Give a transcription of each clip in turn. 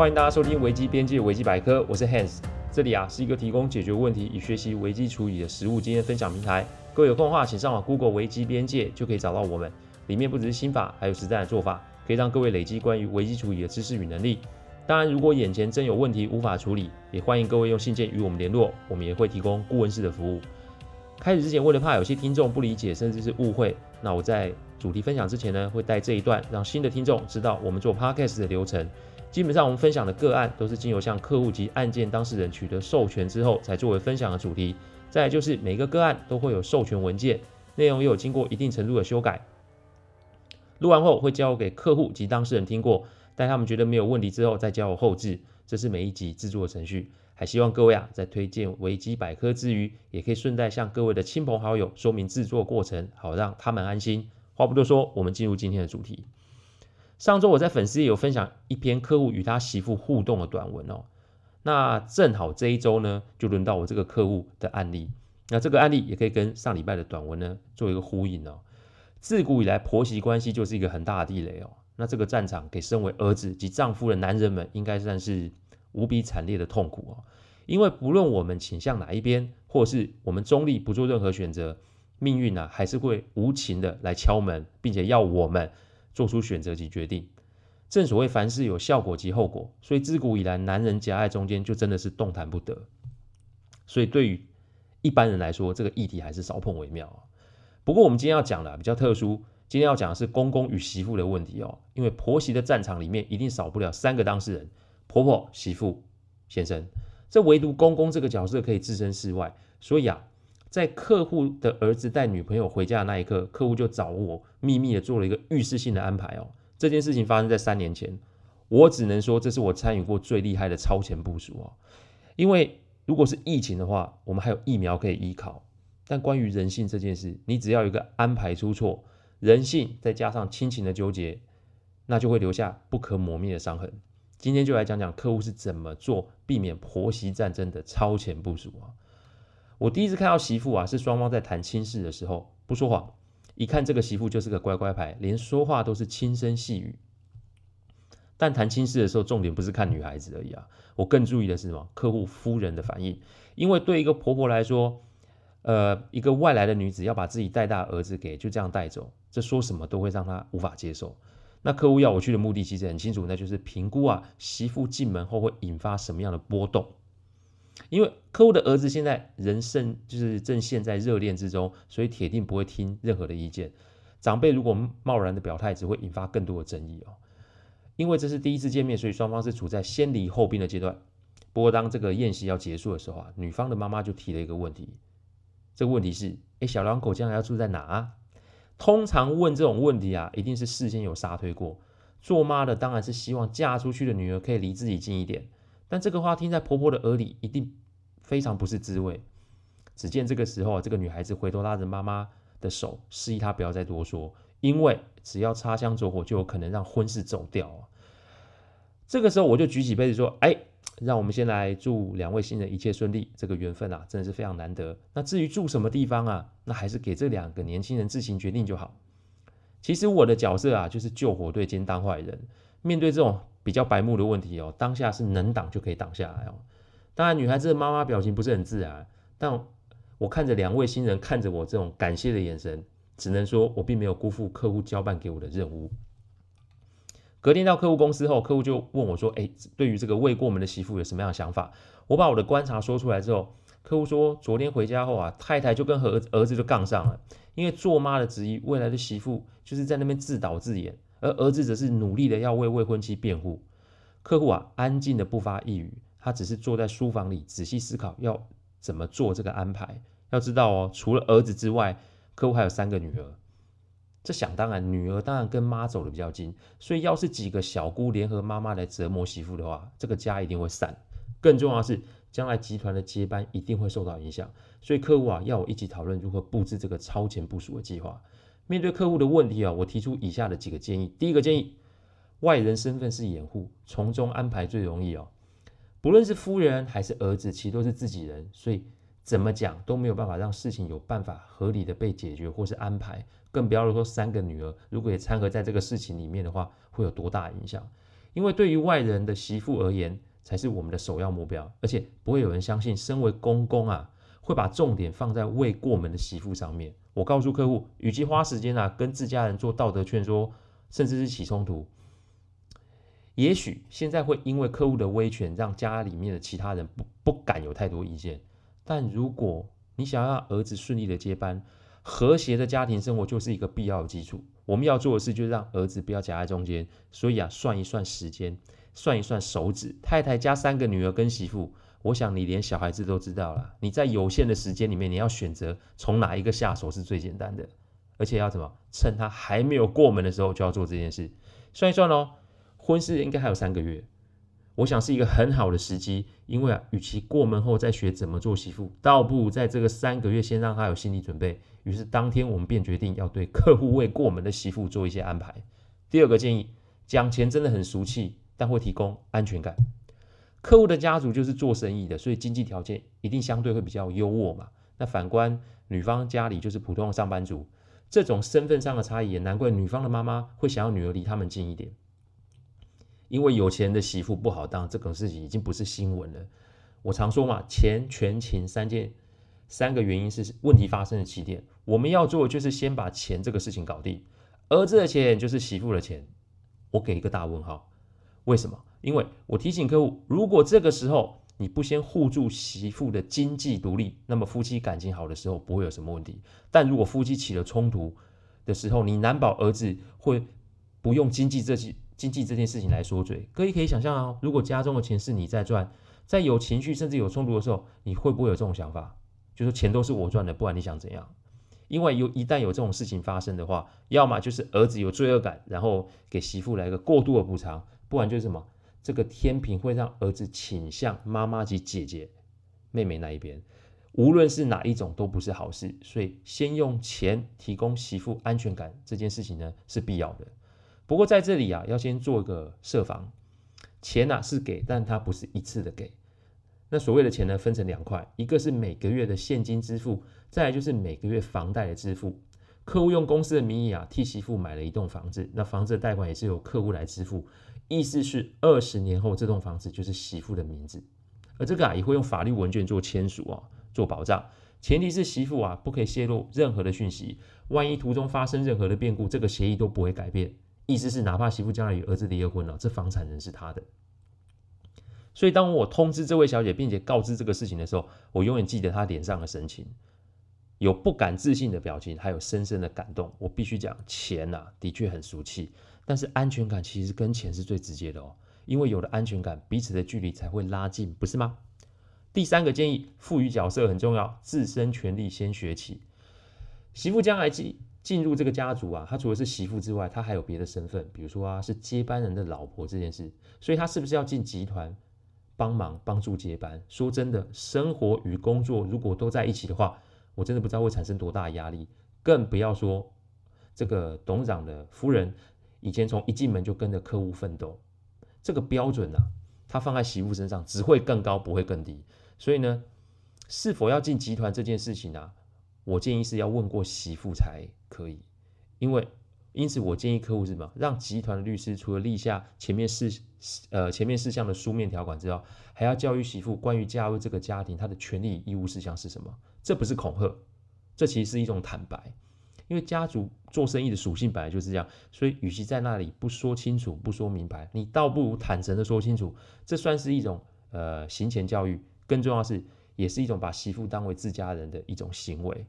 歡迎大家收聽《危機邊界》危機百科，我是 Hans，這裡啊是一個提供解決問題與學習危機處理的實務經驗分享平台。各位有空的話，請上網 Google 危機邊界，就可以找到我們。裡面不只是心法，還有實戰的做法，可以讓各位累積關於危機處理的知識與能力。當然，如果眼前真有問題無法處理，也歡迎各位用信件與我們聯絡，我們也會提供顧問式的服務。開始之前，為了怕有些聽眾不理解甚至是誤會，那我在主題分享之前呢，會帶這一段，讓新的聽眾知道我們做 podcast 的流程。基本上，我們分享的個案都是經由向客戶及案件當事人取得授權之後，才作為分享的主題。再來就是每個個案都會有授權文件，內容也有經過一定程度的修改。錄完後會交給客戶及當事人聽過，待他們覺得沒有問題之後再交由後製。這是每一集制作的程序。還希望各位啊，在推薦維基百科之餘，也可以順帶向各位的親朋好友說明制作過程，好讓他們安心。話不多說，我們進入今天的主題。上週我在粉絲也有分享一篇客戶與他媳婦互動的短文哦，那正好這一周呢就輪到我這個客戶的案例，那這個案例也可以跟上禮拜的短文呢做一個呼應哦。自古以來婆媳關係就是一個很大的地雷哦，那這個戰場給身為兒子及丈夫的男人們應該算是無比慘烈的痛苦哦，因為不論我們傾向哪一邊，或是我們中立不做任何選擇，命運呢，啊，還是會無情的來敲門，並且要我們。做出選擇及決定，正所謂凡事有效果及後果，所以自古以來男人夾在中間就真的是動彈不得。所以對於一般人來說，這個議題還是少碰為妙。不過我們今天要講的比較特殊，今天要講的是公公與媳婦的問題哦，因為婆媳的戰場裡面一定少不了三個當事人：婆婆、媳婦、先生。這唯獨公公這個角色可以置身事外，所以啊。在客戶的兒子帶女朋友回家的那一刻，客戶就找我秘密的做了一個預示性的安排哦。這件事情發生在三年前，我只能說這是我參與過最厲害的超前部署哦。因為如果是疫情的話，我們還有疫苗可以依靠。但關於人性這件事，你只要有一個安排出錯，人性再加上親情的糾結，那就會留下不可磨滅的傷痕。今天就來講講客戶是怎麼做避免婆媳戰爭的超前部署哦。我第一次看到媳婦啊，是雙方在談親事的時候不說謊。一看這個媳婦就是個乖乖牌，連說話都是輕聲細語。但談親事的時候，重點不是看女孩子而已啊，我更注意的是什麼？客戶夫人的反應。因為對一個婆婆來說，呃，一個外來的女子要把自己帶大的兒子給，就這樣帶走，這說什麼都會讓她無法接受。那客戶要我去的目的其實很清楚，那就是評估啊，媳婦進門後會引發什麼樣的波動。因為客戶的兒子現在人生就是正陷在熱戀之中，所以鐵定不會聽任何的意見。長輩如果貿然的表態，只會引發更多的爭議哦。因為這是第一次見面，所以雙方是處在先禮後兵的階段。不過當這個宴席要結束的時候啊，女方的媽媽就提了一個問題。這個問題是：哎，小兩口將來要住在哪啊？通常問這種問題啊，一定是事先有沙推過。做媽的當然是希望嫁出去的女兒可以離自己近一點。但這個話聽在婆婆的耳裡，一定非常不是滋味。只見這個時候，這個女孩子回頭拉着媽媽的手，示意她不要再多說，因為只要擦槍走火，就有可能讓婚事走掉。這個時候，我就舉起杯子說：“哎，讓我們先來祝兩位新人一切順利。這個緣分啊，真的是非常難得。那至於住什麼地方啊，那還是給這兩個年輕人自行決定就好。其實我的角色啊，就是救火隊兼當壞人，面對這種……比較白目的問題哦，當下是能擋就可以擋下來哦。當然，女孩子的媽媽表情不是很自然，但我看着兩位新人看着我這種感謝的眼神，只能說，我並沒有辜負客戶交辦給我的任務。隔天到客戶公司後，客戶就問我說：“哎、欸，對於這個未過門的媳婦有什麼樣的想法？”我把我的觀察說出來之後，客戶說：“昨天回家後啊，太太就跟兒子兒子就槓上了，因為做媽的質疑未來的媳婦就是在那邊自導自演。”而兒子則是努力的要為未婚妻辯護，客戶啊安靜的不發一語，他只是坐在書房裡仔細思考要怎麼做這個安排。要知道哦，除了兒子之外，客戶還有三個女兒，這想當然，女兒當然跟媽走的比較近，所以要是幾個小姑聯合媽媽來折磨媳婦的話，這個家一定會散。更重要的是，將來集團的接班一定會受到影響，所以客戶啊要我一起討論如何布置這個超前部署的計劃。面對客戶的問題啊、哦，我提出以下的幾個建議。第一個建議，外人身份是掩護，從中安排最容易哦。不論是夫人還是兒子，其實都是自己人，所以怎麼講都沒有辦法讓事情有辦法合理的被解決或是安排。更不要說三個女兒，如果也摻和在這個事情裡面的話，會有多大影響？因為對於外人的媳婦而言，才是我們的首要目標，而且不會有人相信，身為公公啊。會把重點放在未過門的媳婦上面。我告訴客戶，與其花時間啊跟自家人做道德勸說，甚至是起衝突，也許現在會因為客戶的威權讓家裡面的其他人不不敢有太多意見。但如果你想要讓兒子順利的接班，和諧的家庭生活就是一個必要的基礎。我們要做的事就是讓兒子不要夾在中間。所以啊，算一算時間，算一算手指，太太加三個女兒跟媳婦。我想你連小孩子都知道了，你在有限的時間裡面，你要選擇從哪一個下手是最簡單的，而且要怎麼趁他還沒有過門的時候就要做這件事。算一算哦，婚事應該還有三個月，我想是一個很好的時機，因為啊，與其過門後再學怎麼做媳婦，倒不如在這個三個月先讓他有心理準備。於是當天我們便決定要對客戶未過門的媳婦做一些安排。第二個建議，講錢真的很俗氣，但會提供安全感。客戶的家族就是做生意的，所以經濟條件一定相對會比較優渥嘛。那反觀女方家裡就是普通的上班族，這種身份上的差異，也難怪女方的媽媽會想要女兒離他們近一點。因為有錢的媳婦不好當，這種事情已經不是新聞了。我常說嘛，錢、權、情三件，三個原因是問題發生的起點。我們要做的就是先把錢這個事情搞定。兒子的錢就是媳婦的錢，我給一個大問號，為什麼？因為我提醒客戶，如果這個時候你不先護住媳婦的經濟獨立，那麼夫妻感情好的時候不會有什麼問題。但如果夫妻起了衝突的時候，你難保兒子會不用經濟這些經濟這件事情來說嘴。可以可以想象哦、啊，如果家中的錢是你在賺，在有情緒甚至有衝突的時候，你會不會有這種想法？就是錢都是我賺的，不然你想怎樣？因為有，一旦有這種事情發生的話，要麼就是兒子有罪惡感，然後給媳婦來個過度的補償，不然就是什麼？這個天平會讓兒子傾向媽媽及姐姐、妹妹那一邊，無論是哪一種都不是好事，所以先用錢提供媳婦安全感這件事情呢，是必要的。不過在這裡啊，要先做一個設防，錢啊是給，但它不是一次的給。那所謂的錢呢，分成兩塊，一個是每個月的現金支付，再來就是每個月房貸的支付。客戶用公司的名義啊，替媳婦買了一棟房子，那房子的貸款也是由客戶來支付。意思是二十年後這棟房子就是媳婦的名字，而這個啊也會用法律文件做簽署啊做保障，前提是媳婦啊不可以泄露任何的訊息，萬一途中發生任何的變故，這個協議都不會改變。意思是哪怕媳婦將來與兒子離了婚了啊，這房產仍是他的。所以當我通知這位小姐，並且告知這個事情的時候，我永遠記得她臉上的神情，有不敢置信的表情，還有深深的感動。我必須講，錢啊，的確很俗氣。但是安全感其實跟錢是最直接的哦，因為有了安全感，彼此的距離才會拉近，不是嗎？第三個建議，賦予角色很重要，自身權利先學起。媳婦將來進進入這個家族啊，她除了是媳婦之外，她還有別的身份，比如說啊，是接班人的老婆這件事，所以她是不是要進集團幫忙幫助接班？說真的，生活與工作如果都在一起的話，我真的不知道會產生多大的壓力，更不要說這個董事長的夫人。以前從一進門就跟着客戶奮鬥，這個標準呢、啊，它放在媳婦身上只會更高，不會更低。所以呢，是否要進集團這件事情啊，我建議是要問過媳婦才可以。因為，因此我建議客戶是什麼？讓集團的律師除了立下前面事呃前面事項的書面條款之外，還要教育媳婦關於加入這個家庭她的權利義務事項是什麼。這不是恐嚇，這其實是一種坦白。因為家族做生意的屬性本來就是這樣，所以與其在那裡不說清楚、不說明白，你倒不如坦誠的說清楚。這算是一種呃行前教育，更重要的是，也是一種把媳婦當為自家人的一種行為。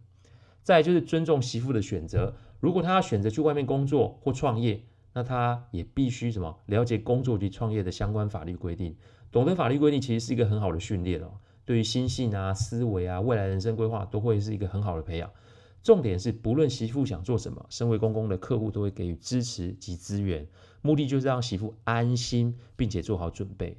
再來就是尊重媳婦的選擇，如果她要選擇去外面工作或創業，那她也必須什麼了解工作及創業的相關法律規定，懂得法律規定其實是一個很好的訓練哦。對於心性啊、思維啊、未來人生規劃，都會是一個很好的培養。重點是，不論媳婦想做什麼，身為公公的客戶都會給予支持及資源，目的就是讓媳婦安心，並且做好準備。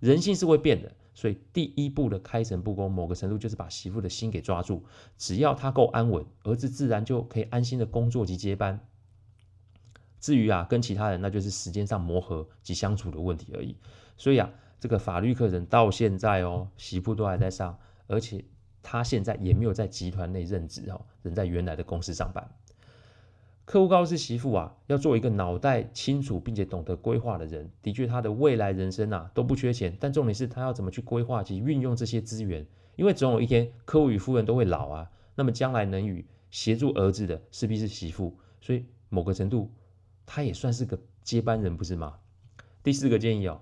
人性是會變的，所以第一步的開誠佈公，某個程度就是把媳婦的心給抓住。只要她夠安穩，兒子自然就可以安心的工作及接班。至於啊，跟其他人，那就是時間上磨合及相處的問題而已。所以啊，這個法律課程到現在哦，媳婦都還在上，而且。他現在也沒有在集團內任職哦，人仍在原來的公司上班。客戶告知媳婦啊，要做一個腦袋清楚並且懂得規劃的人。的確，他的未來人生啊都不缺錢，但重點是他要怎麼去規劃及運用這些資源？因為總有一天，客戶與夫人都會老啊。那麼將來能與協助兒子的，勢必是媳婦。所以某個程度，他也算是個接班人，不是嗎？第四個建議哦，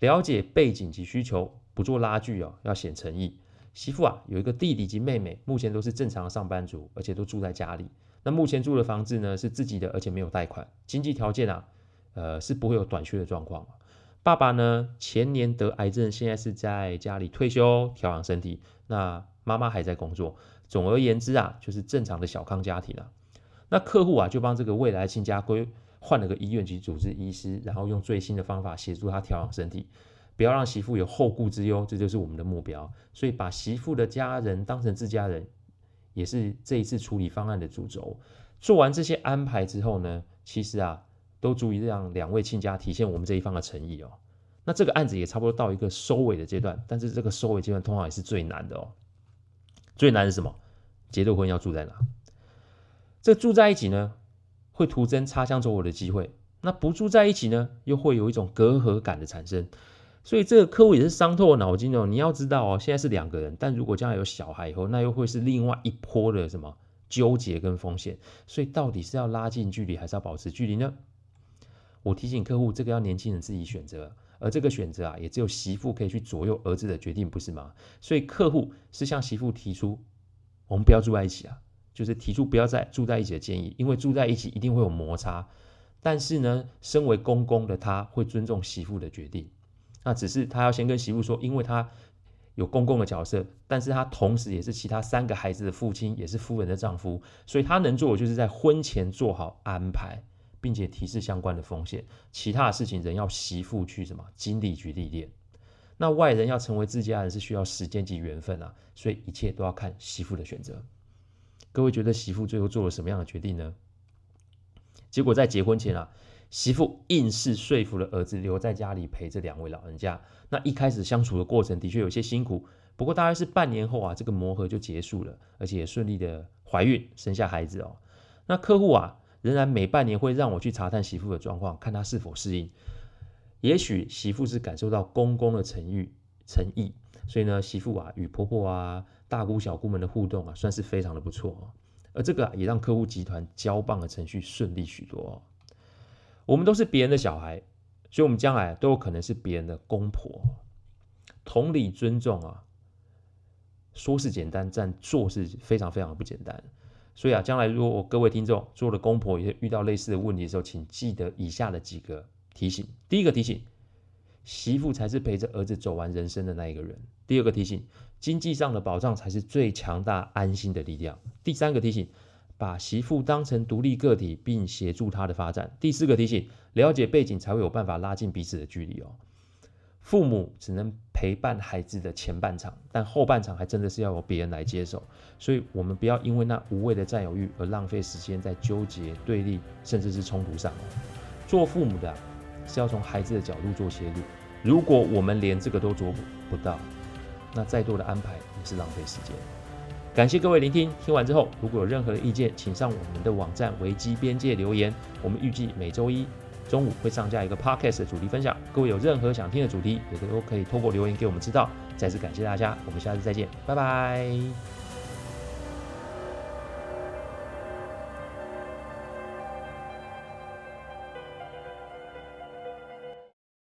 了解背景及需求，不做拉鋸哦，要顯誠意。媳婦啊，有一個弟弟及妹妹，目前都是正常的上班族，而且都住在家裡。那目前住的房子呢，是自己的，而且沒有貸款，經濟條件啊，呃，是不會有短缺的狀況。爸爸呢，前年得癌症，現在是在家裡退休調養身體。那媽媽還在工作。總而言之啊，就是正常的小康家庭了，啊。那客戶啊就幫這個未來親家更換了個醫院及主治醫師，然後用最新的方法協助他調養身體。不要讓媳婦有後顧之憂，這就是我們的目標。所以把媳婦的家人當成自家人，也是這一次處理方案的主軸。做完這些安排之後呢，其實啊，都足以讓兩位親家體現我們這一方的誠意哦。那這個案子也差不多到一個收尾的階段，但是這個收尾階段通常也是最難的哦。最難是什麼？結了婚要住在哪？這個住在一起呢，會徒增擦槍走火的機會；那不住在一起呢，又會有一種隔閡感的產生。所以這個客戶也是傷透我腦筋哦。你要知道哦，現在是兩個人，但如果將來有小孩以後，那又會是另外一波的什麼糾結跟風險。所以到底是要拉近距離，還是要保持距離呢？我提醒客戶，這個要年輕人自己選擇，而這個選擇啊，也只有媳婦可以去左右兒子的決定，不是嗎？所以客戶是向媳婦提出，我們不要住在一起啊，就是提出不要再住在一起的建議，因為住在一起一定會有摩擦。但是呢，身為公公的他會尊重媳婦的決定。那只是他要先跟媳婦說，因為他有公公的角色，但是他同時也是其他三個孩子的父親，也是夫人的丈夫，所以他能做的就是在婚前做好安排，並且提示相關的風險。其他的事情，仍要媳婦去什麼經歷、去歷練。那外人要成為自家人，是需要時間及緣分啊，所以一切都要看媳婦的選擇。各位覺得媳婦最後做了什麼樣的決定呢？結果在結婚前啊。媳婦硬是說服了兒子留在家裡陪着兩位老人家。那一開始相處的過程的確有些辛苦，不過大概是半年後啊，這個磨合就結束了，而且也順利的懷孕生下孩子哦。那客戶啊，仍然每半年會讓我去查探媳婦的狀況，看她是否適應。也許媳婦是感受到公公的誠意誠意，所以呢，媳婦啊與婆婆啊大姑小姑們的互動啊，算是非常的不錯哦。而這個啊，也讓客戶集團交棒的程序順利許多哦。我們都是別人的小孩，所以我們將來都有可能是別人的公婆。同理尊重啊，說是簡單，但做是非常非常不簡單。所以啊，將來如果我各位聽眾做了公婆，也遇到類似的問題的時候，請記得以下的幾個提醒：第一個提醒，媳婦才是陪着兒子走完人生的那一個人；第二個提醒，經濟上的保障才是最強大安心的力量；第三個提醒，把媳婦當成獨立個體，並協助他的發展。第四個提醒：了解背景才會有辦法拉近彼此的距離哦。父母只能陪伴孩子的前半場，但後半場還真的是要由別人來接手。所以，我們不要因為那無謂的佔有慾而浪費時間在糾結、對立，甚至是衝突上哦。做父母的是要從孩子的角度做切入。如果我們連這個都做不到，那再多的安排也是浪費時間。感謝各位聆聽。聽完之後，如果有任何的意見，請上我們的網站危機邊界留言。我們預計每周一中午會上架一個 podcast 的主題分享。各位有任何想聽的主題，也都可以透過留言給我們知道。再次感謝大家，我們下次再見，拜拜。